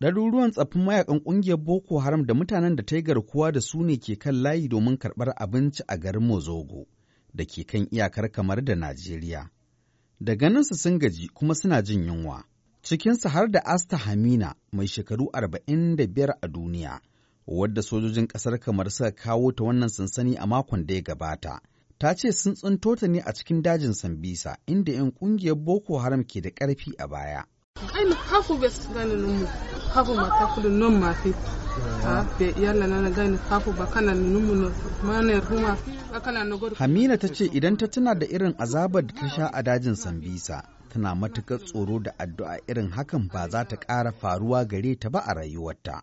Ɗaruruwan tsaffin mayakan ƙungiyar Boko Haram da mutanen da ta yi garkuwa da su ne ke kan layi domin karɓar abinci a garin Mozogo da ke kan iyakar kamar da Najeriya. Da ganinsu sun gaji kuma suna jin yunwa. Cikinsu har da Asta Hamina mai shekaru arba'in da biyar a duniya, wadda sojojin ƙasar kamar suka kawo ta wannan sansani a makon da ya gabata. Ta ce sun tsinto ta ne a cikin dajin Sambisa inda 'yan ƙungiyar Boko Haram ke da ƙarfi a baya. kafu ma kafulu non ma fi ah, be yalla na gani kafu ba kana numu no ba kana no Hamina ta ce idan ta tuna da irin azabar da ta sha a dajin Sambisa tana matukar tsoro da addu'a irin hakan ba za ta ƙara faruwa gare ta ba a rayuwarta.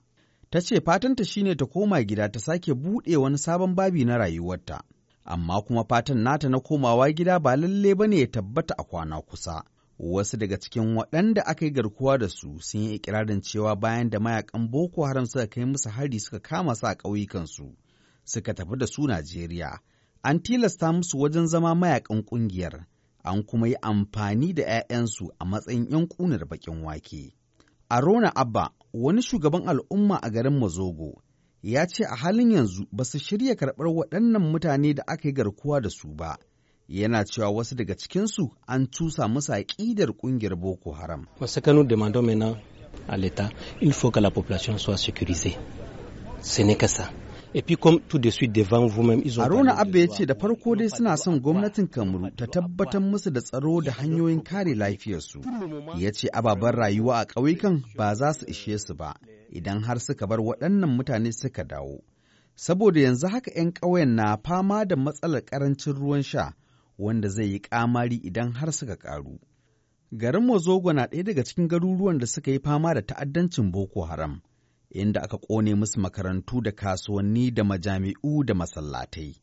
Ta ce fatanta shine ta koma gida ta sake buɗe wani sabon babi na rayuwarta, amma kuma fatan nata na komawa gida ba lalle ba ne ya tabbata a kwana kusa. Wasu daga cikin waɗanda aka yi garkuwa da su sun yi ikirarin cewa bayan da mayakan Boko Haram suka kai musu hari suka kama su a ƙauyukansu suka tafi da su Najeriya. An tilasta musu wajen zama mayakan ƙungiyar, an kuma yi amfani da 'ya'yansu a matsayin 'yan ƙunar baƙin wake. Arona Abba, wani shugaban al'umma a garin Mazogo, ya ce a halin yanzu ba su shirya karɓar waɗannan mutane da aka yi garkuwa da su ba. yana cewa wasu daga cikinsu an cusa musu aƙidar ƙungiyar boko haram wasu kanu demandons maintenant à l'état il faut que la population soit sécurisée ce n'est que ça Haruna Abba ya ce da farko dai suna son gwamnatin Kamaru ta tabbatar musu da tsaro da hanyoyin kare lafiyarsu. Ya ce ababen rayuwa a ƙauyukan ba za su ishe su ba idan har suka bar waɗannan mutane suka dawo. Saboda yanzu haka 'yan ƙauyen na fama da matsalar ƙarancin ruwan sha wanda zai yi kamari idan har suka ƙaru. Garin Mozogo na ɗaya daga cikin garuruwan da suka yi fama da ta'addancin Boko Haram, inda aka ƙone musu makarantu da kasuwanni da majami'u da masallatai.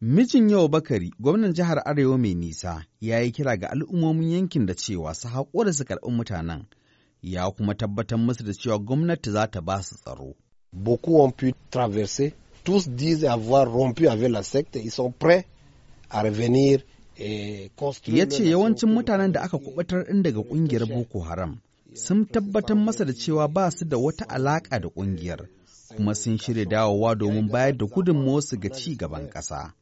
Mijin yau Bakari, gwamnan jihar Arewa mai nisa, ya yi kira ga al'ummomin yankin da cewa su haƙura su karɓi mutanen, ya kuma tabbatar musu da cewa gwamnati za ta ba su tsaro. Beaucoup ont pu traverser, tous disent avoir rompu avec la secte, ils sont prêts a revenir eh, ya ce yawancin mutanen da aka kubutar ɗin daga ƙungiyar boko haram sun tabbatar masa da cewa ba su da wata alaƙa da ƙungiyar kuma sun shirya dawowa domin bayar da gudunmawarsu ga ci gaban ƙasa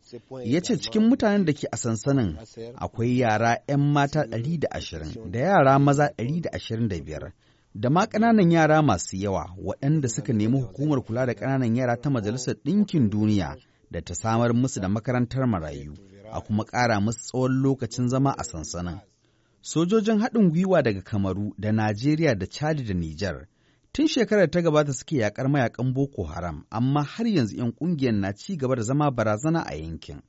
ya ce cikin mutanen da ke a sansanin akwai yara 'yan mata 120 da yara maza 125 da ma ƙananan yara masu yawa waɗanda suka nemi hukumar kula da ƙananan yara ta majalisar ɗinkin duniya da ta samar musu da makarantar marayu, a kuma ƙara musu tsawon lokacin zama a sansanin. Sojojin haɗin gwiwa daga Kamaru da Najeriya da Chad da Nijar tun shekarar ta gabata suke yakar mayakan Boko Haram, amma har yanzu 'yan ƙungiyar na ci gaba da zama barazana a yankin.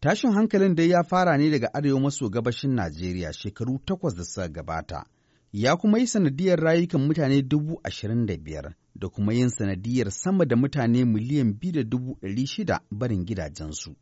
Tashin hankalin dai ya fara ne daga arewa maso gabashin Najeriya shekaru takwas da suka gabata, ya kuma yi sanadiyar rayukan mutane dubu ashirin da biyar da kuma yin sanadiyar sama da mutane miliyan biyu da dubu ɗari shida barin gidajensu.